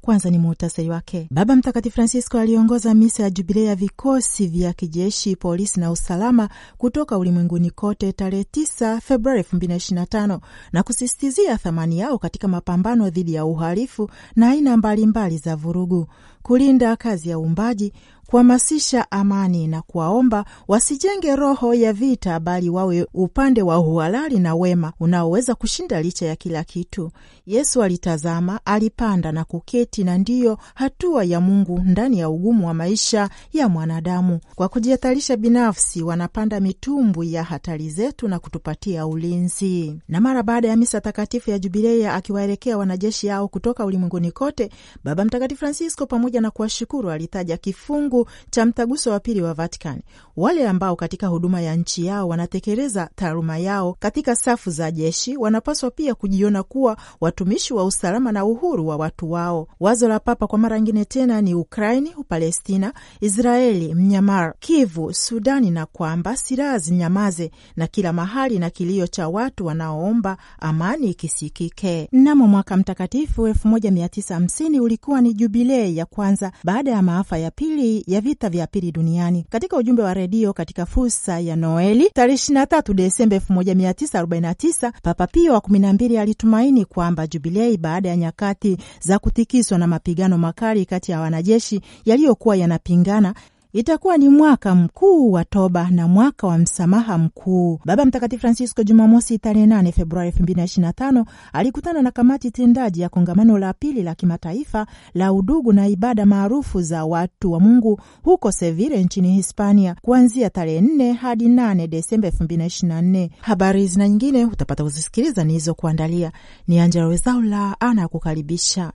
kwanza ni muhtasari wake. Baba Mtakatifu Francisco aliongoza misa ya jubilei ya vikosi vya kijeshi, polisi na usalama kutoka ulimwenguni kote tarehe 9 Februari 2025 na kusisitizia thamani yao katika mapambano dhidi ya uhalifu na aina mbalimbali za vurugu, kulinda kazi ya uumbaji kuhamasisha amani na kuwaomba wasijenge roho ya vita, bali wawe upande wa uhalali na wema unaoweza kushinda licha ya kila kitu. Yesu alitazama, alipanda na kuketi, na ndiyo hatua ya Mungu ndani ya ugumu wa maisha ya mwanadamu. Kwa kujihatarisha binafsi, wanapanda mitumbwi ya hatari zetu na kutupatia ulinzi. Na mara baada ya misa takatifu ya Jubilei, akiwaelekea wanajeshi yao kutoka ulimwenguni kote, Baba Mtakatifu Francisco pamoja na kuwashukuru alitaja kifungu cha Mtaguso wa Pili wa Vatikani, wale ambao katika huduma ya nchi yao wanatekeleza taaluma yao katika safu za jeshi wanapaswa pia kujiona kuwa watumishi wa usalama na uhuru wa watu wao. Wazo la Papa kwa mara ngine tena ni Ukraini, Upalestina, Israeli, Mnyamar, Kivu, Sudani, na kwamba silaha zinyamaze na kila mahali na kilio cha watu wanaoomba amani ikisikike. Mnamo mwaka mtakatifu 1950 ulikuwa ni jubilei ya kwanza baada ya maafa ya pili ya vita vya pili duniani. Katika ujumbe wa redio katika fursa ya Noeli tarehe 23 Desemba 1949, Papa Pio wa 12 alitumaini kwamba jubilei, baada ya nyakati za kutikiswa na mapigano makali kati ya wanajeshi yaliyokuwa yanapingana itakuwa ni mwaka mkuu wa toba na mwaka wa msamaha mkuu. Baba Mtakatifu Francisco Jumamosi tarehe 8 Februari 2025 alikutana na kamati tendaji ya kongamano la pili la kimataifa la udugu na ibada maarufu za watu wa Mungu huko Sevilla nchini Hispania kuanzia tarehe 4 hadi 8 Desemba 2024. Habari zina nyingine utapata kuzisikiliza nilizokuandalia. Ni Angela Wezaula ana kukaribisha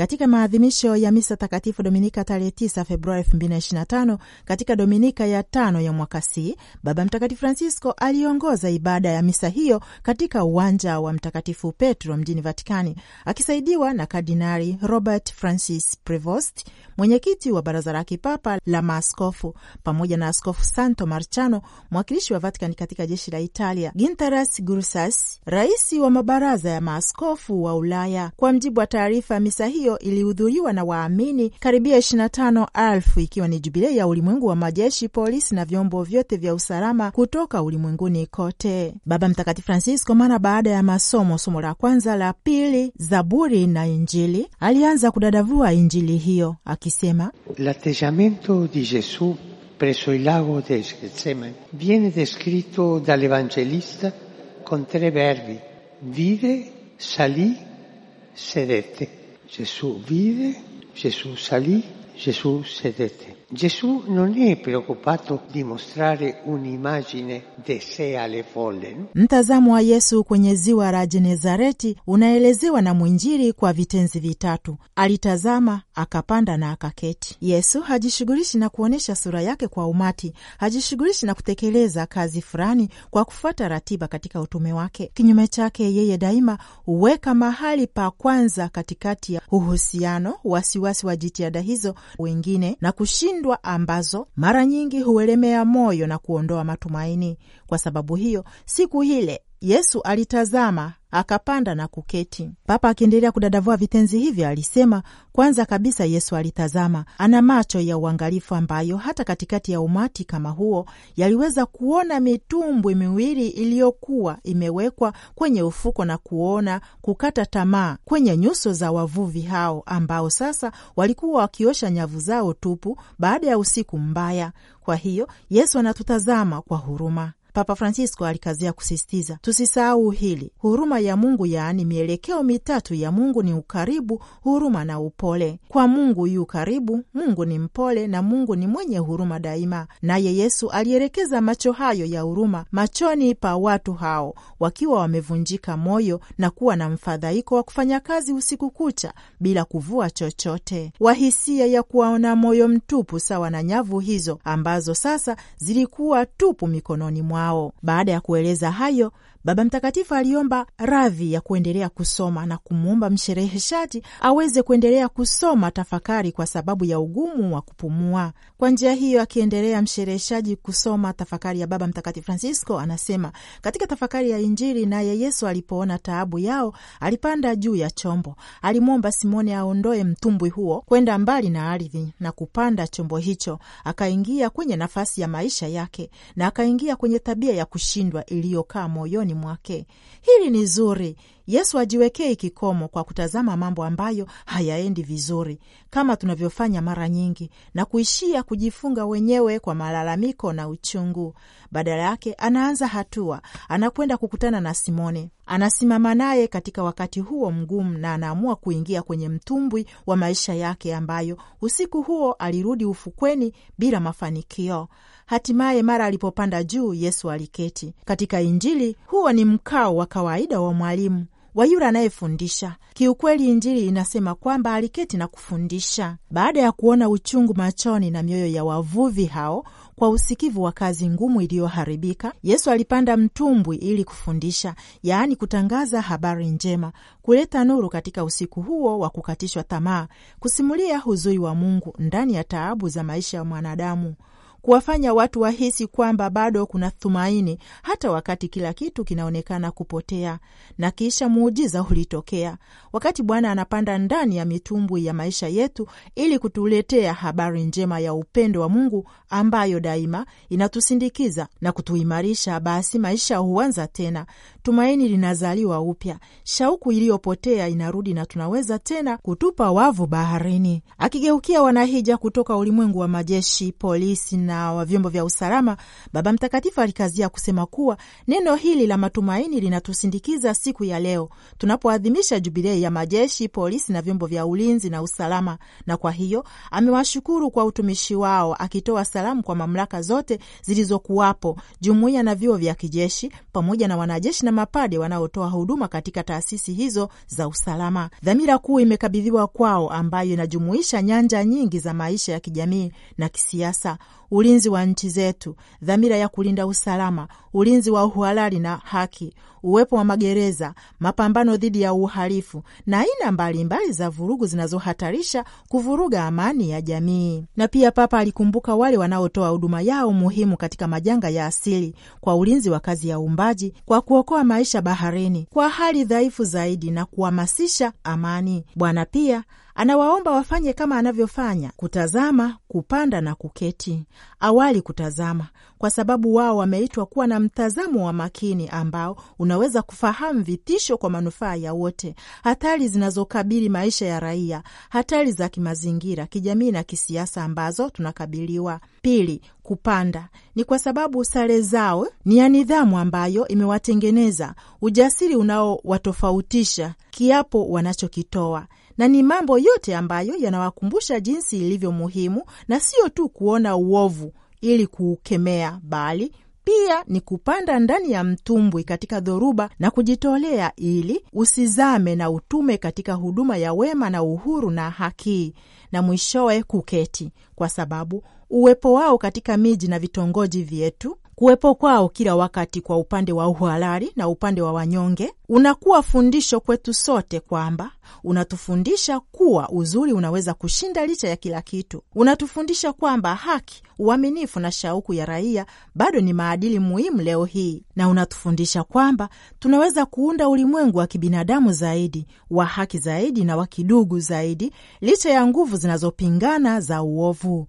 Katika maadhimisho ya misa takatifu Dominika tarehe 9 Februari 2025 katika Dominika ya tano ya mwaka C, Baba Mtakatifu Francisco aliongoza ibada ya misa hiyo katika uwanja wa Mtakatifu Petro mjini Vatikani, akisaidiwa na kardinari Robert Francis Prevost, mwenyekiti wa Baraza la Kipapa la Maaskofu, pamoja na Askofu Santo Marchano, mwakilishi wa Vatikani katika jeshi la Italia, Gintaras Gursas, rais wa mabaraza ya maaskofu wa Ulaya. Kwa mjibu wa taarifa ya misa hiyo hiyo ilihudhuriwa na waamini karibia 25 ikiwa ni jubilei ya ulimwengu wa majeshi, polisi na vyombo vyote vya usalama kutoka ulimwenguni kote. Baba Mtakatifu Francisco, mara baada ya masomo somo la kwanza la pili, Zaburi na Injili, alianza kudadavua Injili hiyo akisema, l'atteggiamento di Gesù presso il lago di Getsemani viene descritto dall'Evangelista con tre verbi vive salì sedette Jésus vive, Jésus salit, Jésus s'était. Gesù non è preoccupato di mostrare un'immagine de sé alle folle. Mtazamo wa Yesu kwenye ziwa la Genezareti unaelezewa na mwinjili kwa vitenzi vitatu: alitazama, akapanda na akaketi. Yesu hajishughulishi na kuonyesha sura yake kwa umati, hajishughulishi na kutekeleza kazi fulani kwa kufuata ratiba katika utume wake. Kinyume chake, yeye daima huweka mahali pa kwanza katikati ya uhusiano, wasiwasi wa jitihada hizo wengine na kushinda kushindwa ambazo mara nyingi huelemea moyo na kuondoa matumaini. Kwa sababu hiyo, siku ile Yesu alitazama akapanda na kuketi. Papa akiendelea kudadavua vitenzi hivyo alisema, kwanza kabisa Yesu alitazama, ana macho ya uangalifu ambayo hata katikati ya umati kama huo yaliweza kuona mitumbwi miwili iliyokuwa imewekwa kwenye ufuko na kuona kukata tamaa kwenye nyuso za wavuvi hao ambao sasa walikuwa wakiosha nyavu zao tupu baada ya usiku mbaya. Kwa hiyo Yesu anatutazama kwa huruma. Papa Francisco alikazia kusisitiza tusisahau hili: huruma ya Mungu, yaani mielekeo mitatu ya Mungu ni ukaribu, huruma na upole. Kwa Mungu yu karibu, Mungu ni mpole na Mungu ni mwenye huruma daima. Naye Yesu alielekeza macho hayo ya huruma machoni pa watu hao wakiwa wamevunjika moyo na kuwa na mfadhaiko wa kufanya kazi usiku kucha bila kuvua chochote, wahisia ya kuwaona moyo mtupu sawa na nyavu hizo ambazo sasa zilikuwa tupu mikononi mwa wao. Baada ya kueleza hayo Baba Mtakatifu aliomba radhi ya kuendelea kusoma na kumwomba mshereheshaji aweze kuendelea kusoma tafakari kwa sababu ya ugumu wa kupumua. Kwa njia hiyo, akiendelea mshereheshaji kusoma tafakari ya Baba Mtakatifu Francisco anasema katika tafakari ya Injili, naye Yesu alipoona taabu yao alipanda juu ya chombo, alimwomba Simone aondoe mtumbwi huo kwenda mbali na ardhi na kupanda chombo hicho, akaingia kwenye nafasi ya maisha yake na akaingia kwenye tabia ya kushindwa iliyokaa moyoni kinywani mwake. Hili ni zuri, Yesu ajiwekee kikomo kwa kutazama mambo ambayo hayaendi vizuri kama tunavyofanya mara nyingi, na kuishia kujifunga wenyewe kwa malalamiko na uchungu. Badala yake, anaanza hatua, anakwenda kukutana na Simoni, anasimama naye katika wakati huo mgumu, na anaamua kuingia kwenye mtumbwi wa maisha yake, ambayo usiku huo alirudi ufukweni bila mafanikio. Hatimaye, mara alipopanda juu, Yesu aliketi. Katika Injili, huo ni mkao wa kawaida wa mwalimu wa yule anayefundisha. Kiukweli, Injili inasema kwamba aliketi na kufundisha baada ya kuona uchungu machoni na mioyo ya wavuvi hao kwa usikivu wa kazi ngumu iliyoharibika, Yesu alipanda mtumbwi ili kufundisha, yaani kutangaza habari njema, kuleta nuru katika usiku huo wa kukatishwa tamaa, kusimulia huzui wa Mungu ndani ya taabu za maisha ya mwanadamu kuwafanya watu wahisi kwamba bado kuna tumaini hata wakati kila kitu kinaonekana kupotea. Na kisha muujiza ulitokea wakati Bwana anapanda ndani ya mitumbwi ya maisha yetu ili kutuletea habari njema ya upendo wa Mungu ambayo daima inatusindikiza na kutuimarisha. Basi maisha huanza tena, tumaini linazaliwa upya, shauku iliyopotea inarudi, na tunaweza tena kutupa wavu baharini, akigeukia wanahija kutoka ulimwengu wa majeshi, polisi na wa vyombo vya usalama, Baba Mtakatifu alikazia kusema kuwa neno hili la matumaini linatusindikiza siku ya leo tunapoadhimisha jubilei ya majeshi, polisi na vyombo vya ulinzi na usalama, na kwa hiyo amewashukuru kwa utumishi wao, akitoa salamu kwa mamlaka zote zilizokuwapo, jumuiya na vyuo vya kijeshi, pamoja na wanajeshi na mapade wanaotoa huduma katika taasisi hizo za usalama. Dhamira kuu imekabidhiwa kwao ambayo inajumuisha nyanja nyingi za maisha ya kijamii na kisiasa ulinzi wa nchi zetu, dhamira ya kulinda usalama, ulinzi wa uhalali na haki, uwepo wa magereza, mapambano dhidi ya uhalifu na aina mbalimbali za vurugu zinazohatarisha kuvuruga amani ya jamii. Na pia Papa alikumbuka wale wanaotoa huduma yao muhimu katika majanga ya asili, kwa ulinzi wa kazi ya uumbaji, kwa kuokoa maisha baharini, kwa hali dhaifu zaidi na kuhamasisha amani. Bwana pia Anawaomba wafanye kama anavyofanya: kutazama, kupanda na kuketi. Awali kutazama, kwa sababu wao wameitwa kuwa na mtazamo wa makini ambao unaweza kufahamu vitisho kwa manufaa ya wote, hatari zinazokabili maisha ya raia, hatari za kimazingira, kijamii na kisiasa ambazo tunakabiliwa. Pili, kupanda ni kwa sababu sare zao ni ya nidhamu ambayo imewatengeneza, ujasiri unaowatofautisha, kiapo wanachokitoa na ni mambo yote ambayo yanawakumbusha jinsi ilivyo muhimu, na sio tu kuona uovu ili kuukemea, bali pia ni kupanda ndani ya mtumbwi katika dhoruba na kujitolea ili usizame na utume katika huduma ya wema na uhuru na haki, na mwishowe kuketi, kwa sababu uwepo wao katika miji na vitongoji vyetu Kuwepo kwao kila wakati kwa upande wa uhalali na upande wa wanyonge unakuwa fundisho kwetu sote, kwamba unatufundisha kuwa uzuri unaweza kushinda licha ya kila kitu. Unatufundisha kwamba haki, uaminifu na shauku ya raia bado ni maadili muhimu leo hii, na unatufundisha kwamba tunaweza kuunda ulimwengu wa kibinadamu zaidi, wa haki zaidi na wa kidugu zaidi, licha ya nguvu zinazopingana za uovu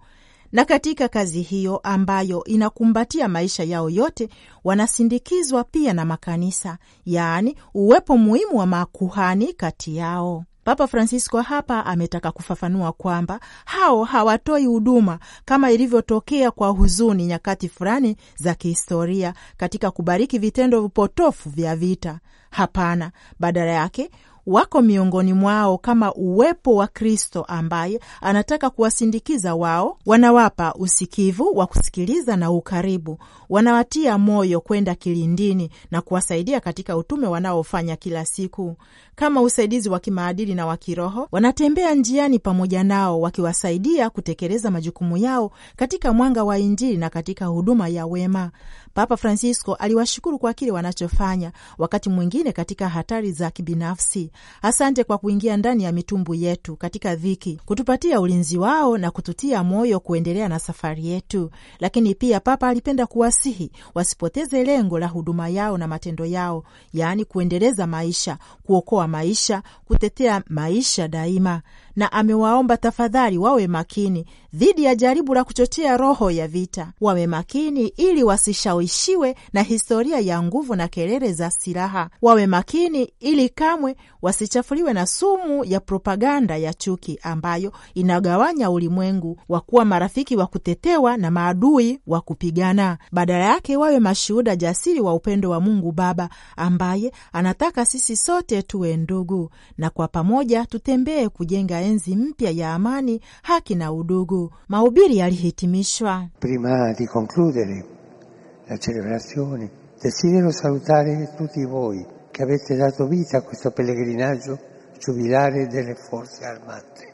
na katika kazi hiyo ambayo inakumbatia maisha yao yote, wanasindikizwa pia na makanisa, yaani uwepo muhimu wa makuhani kati yao. Papa Francisco hapa ametaka kufafanua kwamba hao hawatoi huduma kama ilivyotokea kwa huzuni nyakati fulani za kihistoria katika kubariki vitendo vipotofu vya vita. Hapana, badala yake wako miongoni mwao kama uwepo wa Kristo ambaye anataka kuwasindikiza wao. Wanawapa usikivu wa kusikiliza na ukaribu, wanawatia moyo kwenda kilindini na kuwasaidia katika utume wanaofanya kila siku. Kama usaidizi wa kimaadili na wa kiroho, wanatembea njiani pamoja nao, wakiwasaidia kutekeleza majukumu yao katika mwanga wa Injili na katika huduma ya wema. Papa Francisco aliwashukuru kwa kile wanachofanya, wakati mwingine katika hatari za kibinafsi. Asante kwa kuingia ndani ya mitumbu yetu katika dhiki, kutupatia ulinzi wao na kututia moyo kuendelea na safari yetu. Lakini pia Papa alipenda kuwasihi wasipoteze lengo la huduma yao na matendo yao, yaani kuendeleza maisha, kuokoa maisha, kutetea maisha daima na amewaomba tafadhali wawe makini dhidi ya jaribu la kuchochea roho ya vita. Wawe makini ili wasishawishiwe na historia ya nguvu na kelele za silaha. Wawe makini ili kamwe wasichafuliwe na sumu ya propaganda ya chuki ambayo inagawanya ulimwengu wa kuwa marafiki wa kutetewa na maadui wa kupigana. Badala yake, wawe mashuhuda jasiri wa upendo wa Mungu Baba ambaye anataka sisi sote tuwe ndugu na kwa pamoja tutembee kujenga enzi mpya ya amani, haki na udugu. Mahubiri yalihitimishwa. Prima di concludere la celebrazione desidero salutare tutti voi che avete dato vita a questo pellegrinaggio giubilare delle forze armate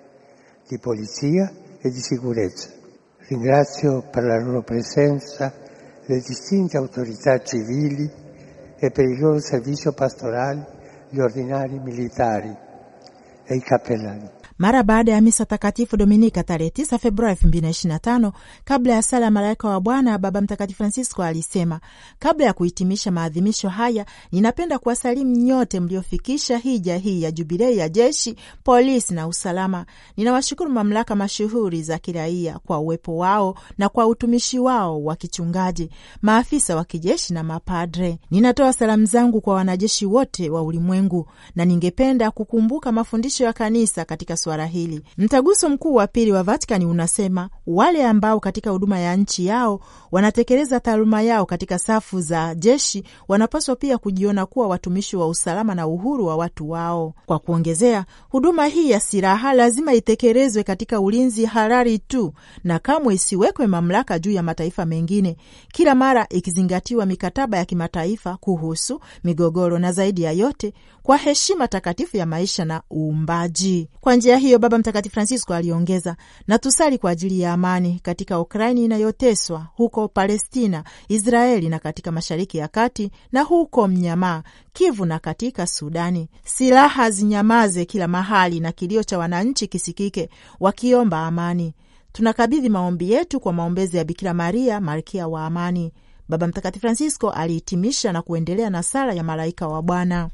di polizia e di sicurezza. Ringrazio per la loro presenza le distinte autorità civili e per il loro servizio pastorale gli ordinari militari e i cappellani. mara baada ya misa takatifu Dominika tarehe 9 Februari 2025, kabla ya sala ya malaika wa Bwana, Baba Mtakatifu Francisco alisema, kabla ya kuhitimisha maadhimisho haya, ninapenda kuwasalimu nyote mliofikisha hija hii ya jubilei ya jeshi, polisi na usalama. Ninawashukuru mamlaka mashuhuri za kiraia kwa uwepo wao na kwa utumishi wao wa kichungaji, maafisa wa kijeshi na mapadre. Ninatoa salamu zangu kwa wanajeshi wote wa ulimwengu na ningependa kukumbuka mafundisho ya kanisa katika suala hili. Mtaguso mkuu wa pili wa Vatikani unasema wale ambao katika huduma ya nchi yao wanatekeleza taaluma yao katika safu za jeshi wanapaswa pia kujiona kuwa watumishi wa usalama na uhuru wa watu wao. Kwa kuongezea, huduma hii ya silaha lazima itekelezwe katika ulinzi halali tu na kamwe isiwekwe mamlaka juu ya mataifa mengine, kila mara ikizingatiwa mikataba ya kimataifa kuhusu migogoro na zaidi ya yote kwa heshima takatifu ya maisha na uumbaji. Kwa njia hiyo, Baba Mtakatifu Francisco aliongeza, na tusali kwa ajili ya amani katika Ukraini inayoteswa, huko Palestina, Israeli na katika Mashariki ya Kati na huko Mnyamaa, Kivu na katika Sudani. Silaha zinyamaze kila mahali na kilio cha wananchi kisikike, wakiomba amani. Tunakabidhi maombi yetu kwa maombezi ya Bikira Maria, malkia wa amani. Baba Mtakatifu Francisco alihitimisha na kuendelea na sala ya malaika wa Bwana.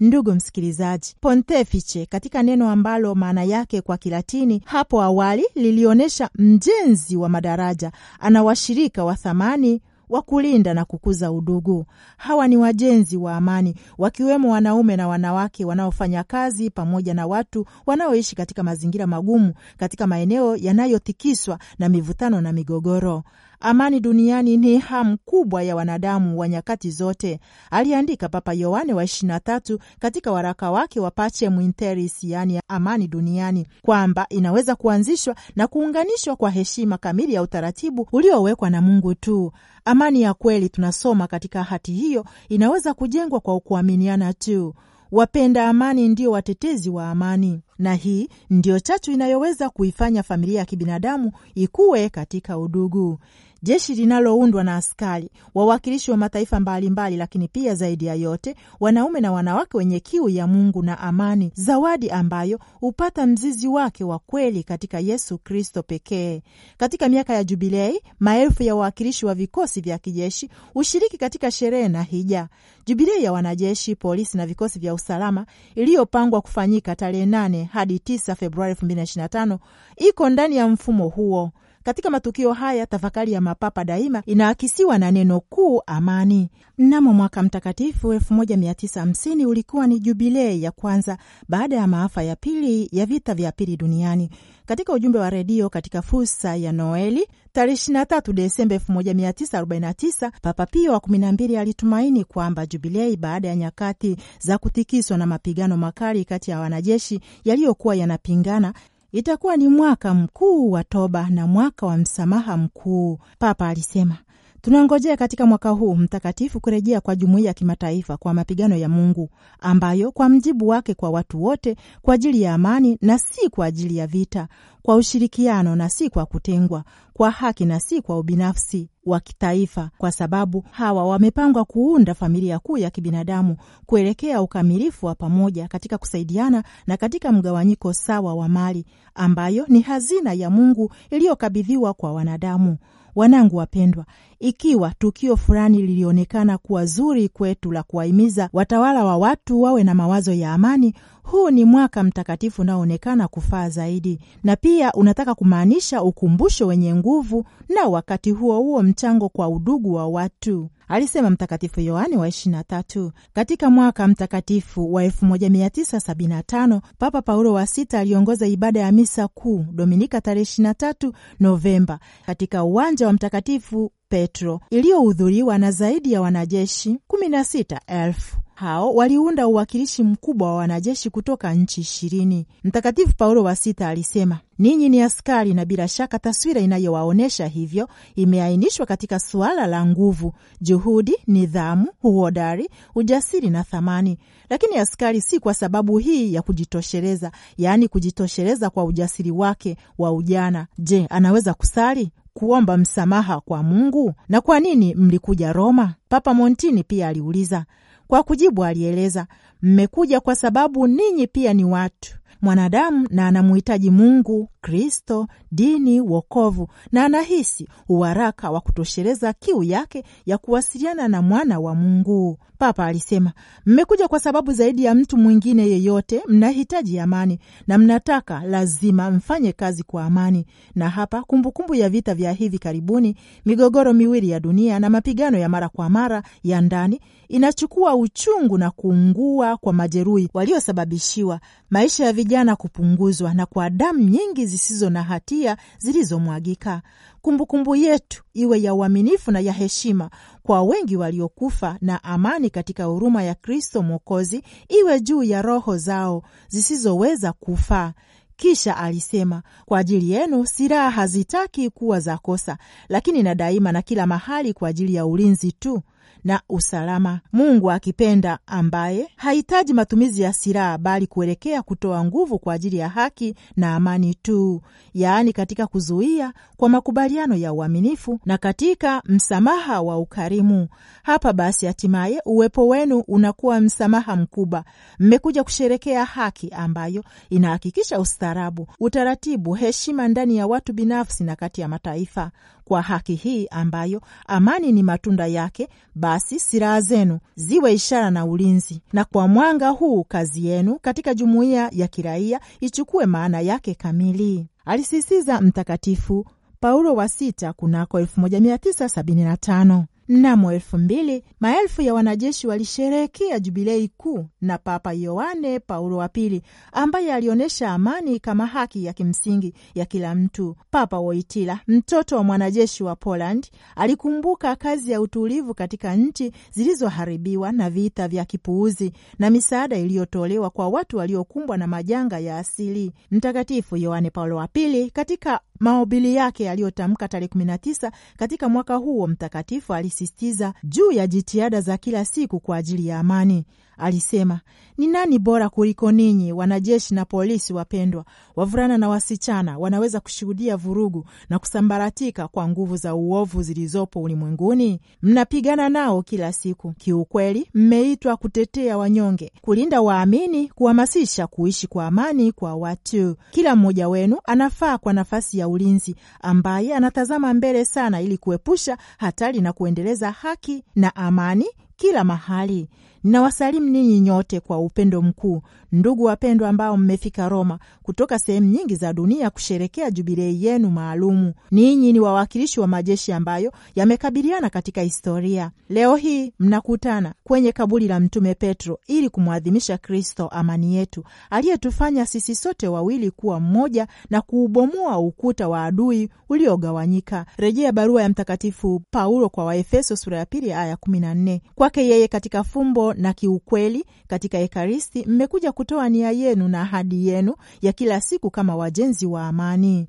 Ndugu msikilizaji, pontefiche katika neno ambalo maana yake kwa Kilatini hapo awali lilionyesha mjenzi wa madaraja, ana washirika wa thamani wa kulinda na kukuza udugu. Hawa ni wajenzi wa amani, wakiwemo wanaume na wanawake wanaofanya kazi pamoja na watu wanaoishi katika mazingira magumu, katika maeneo yanayotikiswa na mivutano na migogoro. Amani duniani ni hamu kubwa ya wanadamu wa nyakati zote, aliandika Papa Yohane wa 23 katika waraka wake wa Pacem in Terris, yaani amani duniani, kwamba inaweza kuanzishwa na kuunganishwa kwa heshima kamili ya utaratibu uliowekwa na Mungu tu. Amani ya kweli, tunasoma katika hati hiyo, inaweza kujengwa kwa kuaminiana tu. Wapenda amani ndio watetezi wa amani na hii ndiyo chachu inayoweza kuifanya familia ya kibinadamu ikuwe katika udugu. Jeshi linaloundwa na askari, wawakilishi wa mataifa mbalimbali mbali, lakini pia zaidi ya yote wanaume na wanawake wenye kiu ya Mungu na amani, zawadi ambayo hupata mzizi wake wa kweli katika Yesu Kristo pekee. Katika miaka ya Jubilei, maelfu ya wawakilishi wa vikosi vya kijeshi hushiriki katika sherehe na hija. Jubilei ya wanajeshi, polisi na vikosi vya usalama iliyopangwa kufanyika tarehe nane hadi 9 Februari 2025 iko ndani ya mfumo huo. Katika matukio haya tafakari ya mapapa daima inaakisiwa na neno kuu amani. Mnamo mwaka mtakatifu 1950 ulikuwa ni jubilei ya kwanza baada ya maafa ya pili ya vita vya pili duniani. Katika ujumbe wa redio katika fursa ya Noeli Tarehe 23 Desemba 1949 Papa Pio wa 12 alitumaini kwamba Jubilei, baada ya nyakati za kutikiswa na mapigano makali kati ya wanajeshi yaliyokuwa yanapingana itakuwa ni mwaka mkuu wa toba na mwaka wa msamaha mkuu. Papa alisema Tunangojea katika mwaka huu mtakatifu kurejea kwa jumuiya ya kimataifa kwa mapigano ya Mungu ambayo kwa mjibu wake kwa watu wote kwa ajili ya amani na si kwa ajili ya vita, kwa ushirikiano na si kwa kutengwa, kwa haki na si kwa ubinafsi wa kitaifa, kwa sababu hawa wamepangwa kuunda familia kuu ya kibinadamu kuelekea ukamilifu wa pamoja katika kusaidiana na katika mgawanyiko sawa wa mali ambayo ni hazina ya Mungu iliyokabidhiwa kwa wanadamu. Wanangu wapendwa, ikiwa tukio fulani lilionekana kuwa zuri kwetu la kuwahimiza watawala wa watu wawe na mawazo ya amani, huu ni mwaka mtakatifu unaoonekana kufaa zaidi, na pia unataka kumaanisha ukumbusho wenye nguvu na wakati huo huo mchango kwa udugu wa watu alisema Mtakatifu Yohane wa 23. Katika mwaka mtakatifu wa 1975 Papa Paulo wa Sita aliongoza ibada ya misa kuu Dominika tarehe 23 Novemba katika uwanja wa Mtakatifu Petro iliyohudhuriwa na zaidi ya wanajeshi 16,000. Hao waliunda uwakilishi mkubwa wa wanajeshi kutoka nchi ishirini. Mtakatifu Paulo wa Sita alisema Ninyi ni askari, na bila shaka taswira inayowaonyesha hivyo imeainishwa katika suala la nguvu, juhudi, nidhamu, uhodari, ujasiri na thamani. Lakini askari si kwa sababu hii ya kujitosheleza, yaani kujitosheleza kwa ujasiri wake wa ujana. Je, anaweza kusali kuomba msamaha kwa Mungu? Na kwa nini mlikuja Roma? Papa Montini pia aliuliza. Kwa kujibu, alieleza mmekuja kwa sababu ninyi pia ni watu mwanadamu na anamuhitaji Mungu, Kristo, dini, wokovu na anahisi uharaka wa kutosheleza kiu yake ya kuwasiliana na mwana wa Mungu. Papa alisema, mmekuja kwa sababu zaidi ya mtu mwingine yeyote mnahitaji amani na mnataka lazima mfanye kazi kwa amani. Na hapa kumbukumbu kumbu ya vita vya hivi karibuni, migogoro miwili ya dunia na mapigano ya mara kwa mara ya ndani inachukua uchungu na kuungua kwa majeruhi waliosababishiwa maisha ya vijana kupunguzwa na kwa damu nyingi zisizo na hatia zilizomwagika. Kumbukumbu yetu iwe ya uaminifu na ya heshima kwa wengi waliokufa, na amani katika huruma ya Kristo Mwokozi iwe juu ya roho zao zisizoweza kufa. Kisha alisema, kwa ajili yenu silaha hazitaki kuwa za kosa, lakini na daima na kila mahali kwa ajili ya ulinzi tu na usalama, Mungu akipenda, ambaye hahitaji matumizi ya silaha bali kuelekea kutoa nguvu kwa ajili ya haki na amani tu, yaani katika kuzuia kwa makubaliano ya uaminifu na katika msamaha wa ukarimu. Hapa basi, hatimaye uwepo wenu unakuwa msamaha mkubwa. Mmekuja kusherekea haki ambayo inahakikisha ustaarabu, utaratibu, heshima ndani ya watu binafsi na kati ya mataifa kwa haki hii ambayo amani ni matunda yake, basi silaha zenu ziwe ishara na ulinzi, na kwa mwanga huu kazi yenu katika jumuiya ya kiraia ichukue maana yake kamili, alisisitiza Mtakatifu Paulo wa Sita kunako 1975. Mnamo elfu mbili maelfu ya wanajeshi walisherehekea jubilei kuu na Papa Yohane Paulo wa Pili, ambaye alionyesha amani kama haki ya kimsingi ya kila mtu. Papa Woitila, mtoto wa mwanajeshi wa Poland, alikumbuka kazi ya utulivu katika nchi zilizoharibiwa na vita vya kipuuzi na misaada iliyotolewa kwa watu waliokumbwa na majanga ya asili. Mtakatifu Yohane Paulo wa Pili katika Mahubiri yake yaliyotamka tarehe 19 katika mwaka huo mtakatifu, alisisitiza juu ya jitihada za kila siku kwa ajili ya amani. Alisema, ni nani bora kuliko ninyi, wanajeshi na polisi wapendwa? Wavulana na wasichana wanaweza kushuhudia vurugu na kusambaratika kwa nguvu za uovu zilizopo ulimwenguni. Mnapigana nao kila siku. Kiukweli, mmeitwa kutetea wanyonge, kulinda waamini, kuhamasisha kuishi kwa amani kwa watu. Kila mmoja wenu anafaa kwa nafasi ya ulinzi ambaye anatazama mbele sana ili kuepusha hatari na kuendeleza haki na amani kila mahali. nawasalimu ninyi nyote kwa upendo mkuu Ndugu wapendwa, ambao mmefika Roma kutoka sehemu nyingi za dunia kusherekea jubilei yenu maalumu, ninyi ni wawakilishi wa majeshi ambayo yamekabiliana katika historia. Leo hii mnakutana kwenye kaburi la Mtume Petro ili kumwadhimisha Kristo, amani yetu, aliyetufanya sisi sote wawili kuwa mmoja na kuubomoa ukuta wa adui uliogawanyika. Rejea barua ya Mtakatifu Paulo kwa Waefeso sura ya pili aya nne. Kwake yeye katika fumbo na kiukweli katika Ekaristi mmekuja kutoa nia yenu na ahadi yenu ya kila siku kama wajenzi wa amani.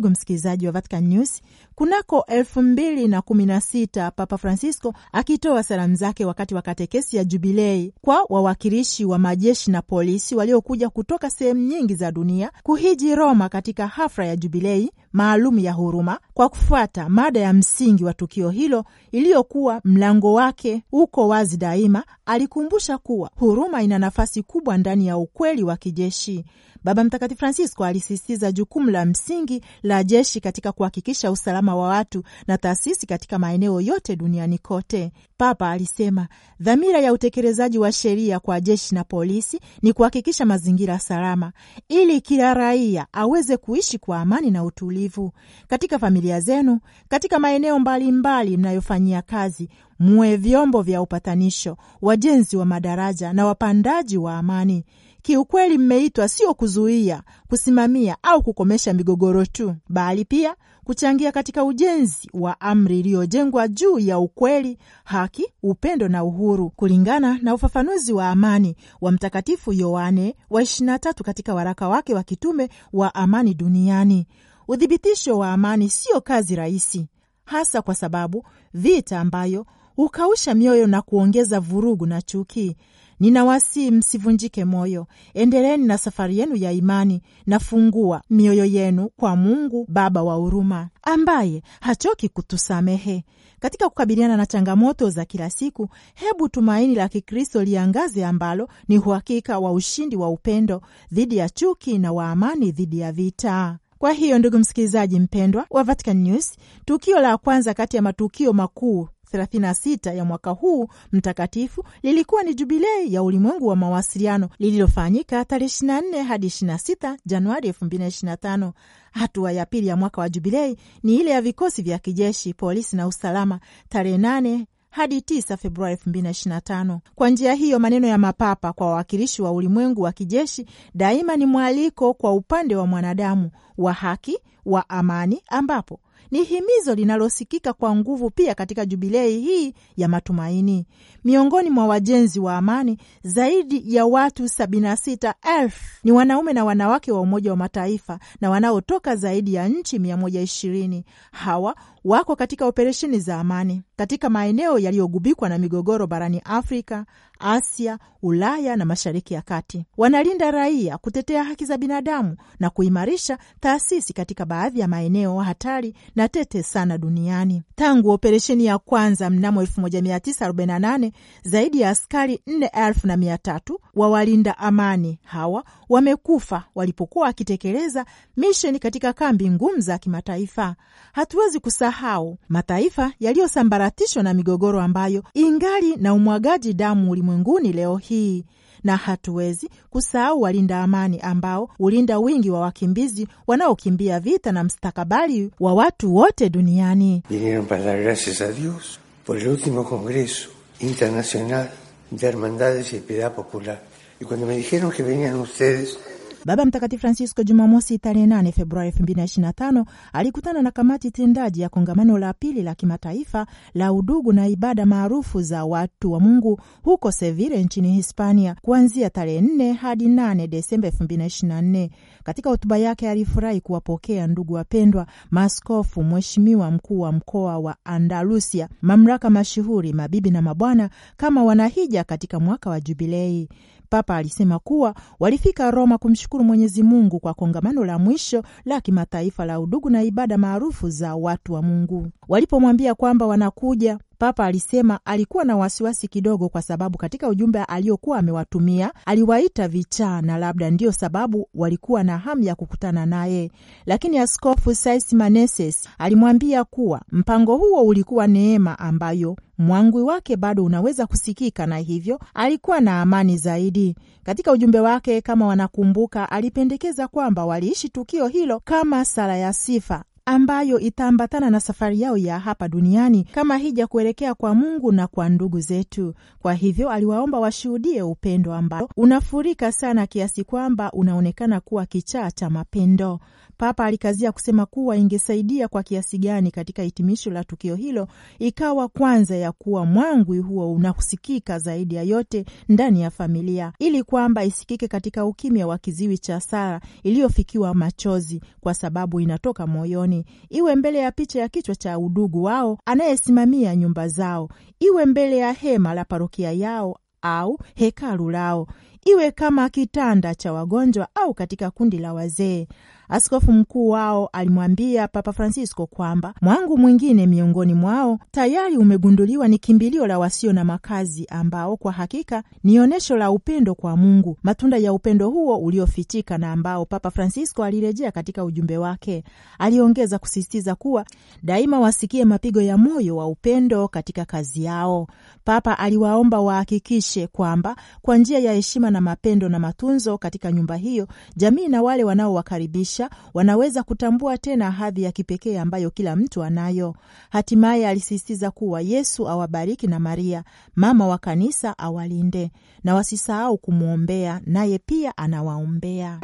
Ndugu msikilizaji wa Vatican News, kunako elfu mbili na kumi na sita Papa Francisco akitoa salamu zake wakati wa katekesi ya Jubilei kwa wawakilishi wa majeshi na polisi waliokuja kutoka sehemu nyingi za dunia kuhiji Roma katika hafla ya Jubilei maalum ya huruma kwa kufuata mada ya msingi wa tukio hilo iliyokuwa mlango wake uko wazi daima. Alikumbusha kuwa huruma ina nafasi kubwa ndani ya ukweli wa kijeshi. Baba Mtakatifu Francisco alisisitiza jukumu la msingi la jeshi katika kuhakikisha usalama wa watu na taasisi katika maeneo yote duniani kote. Papa alisema dhamira ya utekelezaji wa sheria kwa jeshi na polisi ni kuhakikisha mazingira salama ili kila raia aweze kuishi kwa amani na utulivu. Katika familia zenu, katika maeneo mbalimbali mnayofanyia kazi, muwe vyombo vya upatanisho, wajenzi wa madaraja na wapandaji wa amani. Kiukweli, mmeitwa sio kuzuia, kusimamia au kukomesha migogoro tu, bali pia kuchangia katika ujenzi wa amri iliyojengwa juu ya ukweli, haki, upendo na uhuru, kulingana na ufafanuzi wa amani wa Mtakatifu Yohane wa 23 katika waraka wake wa kitume wa amani duniani. Uthibitisho wa amani siyo kazi rahisi, hasa kwa sababu vita ambayo hukausha mioyo na kuongeza vurugu na chuki ninawasi msivunjike moyo, endeleni na safari yenu ya imani na fungua mioyo yenu kwa Mungu Baba wa huruma, ambaye hachoki kutusamehe. Katika kukabiliana na changamoto za kila siku, hebu tumaini la Kikristo liangaze, ambalo ni uhakika wa ushindi wa upendo dhidi ya chuki na wa amani dhidi ya vita. Kwa hiyo ndugu msikilizaji mpendwa wa Vatican News, tukio la kwanza kati ya matukio makuu 36 ya mwaka huu mtakatifu lilikuwa ni jubilei ya ulimwengu wa mawasiliano lililofanyika tarehe 24 hadi 26 Januari 2025. Hatua ya pili ya mwaka wa jubilei ni ile ya vikosi vya kijeshi, polisi na usalama tarehe 8 hadi 9 Februari 2025. Kwa njia hiyo, maneno ya mapapa kwa wawakilishi wa ulimwengu wa kijeshi daima ni mwaliko kwa upande wa mwanadamu wa haki, wa amani ambapo ni himizo linalosikika kwa nguvu pia katika jubilei hii ya matumaini. Miongoni mwa wajenzi wa amani, zaidi ya watu 76 ni wanaume na wanawake wa Umoja wa Mataifa na wanaotoka zaidi ya nchi 120. Hawa wako katika operesheni za amani katika maeneo yaliyogubikwa na migogoro barani Afrika, Asia, Ulaya na Mashariki ya Kati. Wanalinda raia, kutetea haki za binadamu na kuimarisha taasisi katika baadhi ya maeneo hatari na tete sana duniani. Tangu operesheni ya kwanza mnamo 1948 zaidi ya askari 4300 wa walinda amani hawa wamekufa walipokuwa wakitekeleza misheni katika kambi ngumu za kimataifa. Hatuwezi kusa kusahau mataifa yaliyosambaratishwa na migogoro ambayo ingali na umwagaji damu ulimwenguni leo hii na hatuwezi kusahau walinda amani ambao ulinda wingi wa wakimbizi wanaokimbia vita na mstakabali wa watu wote duniani. Vinieron para dar gracias a Dios por el ultimo congreso internacional de hermandades y piedad popular y cuando me dijeron que venían ustedes Baba Mtakatifu Francisco Jumamosi tarehe 8 Februari 2025 alikutana na kamati tendaji ya kongamano la pili la kimataifa la udugu na ibada maarufu za watu wa Mungu huko Sevilla nchini Hispania kuanzia tarehe 4 hadi 8 Desemba 2024. Katika hotuba yake alifurahi kuwapokea ndugu wapendwa, maskofu mheshimiwa mkuu wa mkoa wa Andalusia, mamlaka mashuhuri, mabibi na mabwana kama wanahija katika mwaka wa Jubilei. Papa alisema kuwa walifika Roma kumshukuru Mwenyezi Mungu kwa kongamano la mwisho la kimataifa la udugu na ibada maarufu za watu wa Mungu. Walipomwambia kwamba wanakuja Papa alisema alikuwa na wasiwasi kidogo, kwa sababu katika ujumbe aliokuwa amewatumia aliwaita vichaa, na labda ndiyo sababu walikuwa na hamu ya kukutana naye, lakini Askofu maneses alimwambia kuwa mpango huo ulikuwa neema ambayo mwangwi wake bado unaweza kusikika na hivyo alikuwa na amani zaidi. Katika ujumbe wake, kama wanakumbuka, alipendekeza kwamba waliishi tukio hilo kama sala ya sifa ambayo itaambatana na safari yao ya hapa duniani kama hija kuelekea kwa Mungu na kwa ndugu zetu. Kwa hivyo aliwaomba washuhudie upendo ambao unafurika sana kiasi kwamba unaonekana kuwa kichaa cha mapendo. Papa alikazia kusema kuwa ingesaidia kwa kiasi gani katika hitimisho la tukio hilo ikawa kwanza ya kuwa mwangwi huo unahusikika zaidi ya yote ndani ya familia, ili kwamba isikike katika ukimya wa kiziwi cha sala iliyofikiwa machozi, kwa sababu inatoka moyoni, iwe mbele ya picha ya kichwa cha udugu wao anayesimamia nyumba zao, iwe mbele ya hema la parokia yao au hekalu lao, iwe kama kitanda cha wagonjwa au katika kundi la wazee. Askofu mkuu wao alimwambia Papa Francisco kwamba mwangu mwingine miongoni mwao tayari umegunduliwa ni kimbilio la wasio na makazi, ambao kwa hakika ni onyesho la upendo kwa Mungu, matunda ya upendo huo uliofichika na ambao Papa Francisco alirejea katika ujumbe wake. Aliongeza kusisitiza kuwa daima wasikie mapigo ya moyo wa upendo katika kazi yao. Papa aliwaomba wahakikishe kwamba kwa njia ya heshima na mapendo na matunzo katika nyumba hiyo, jamii na wale wanaowakaribisha maisha wanaweza kutambua tena hadhi ya kipekee ambayo kila mtu anayo. Hatimaye alisisitiza kuwa Yesu awabariki na Maria mama wa kanisa awalinde na wasisahau kumwombea, naye pia anawaombea.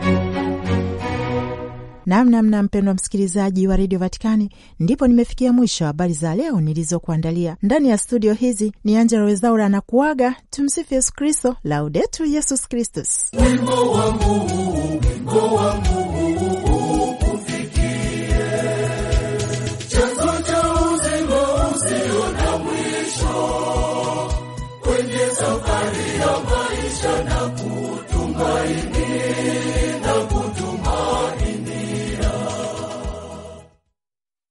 Namnamna mpendwa msikilizaji wa redio Vatikani, ndipo nimefikia mwisho habari za leo nilizokuandalia ndani ya studio hizi. Ni Angela Wezaura na kuaga. Tumsifu Yesu Kristo, laudetu Yesus Kristus. Wimbo wangu, wimbo wangu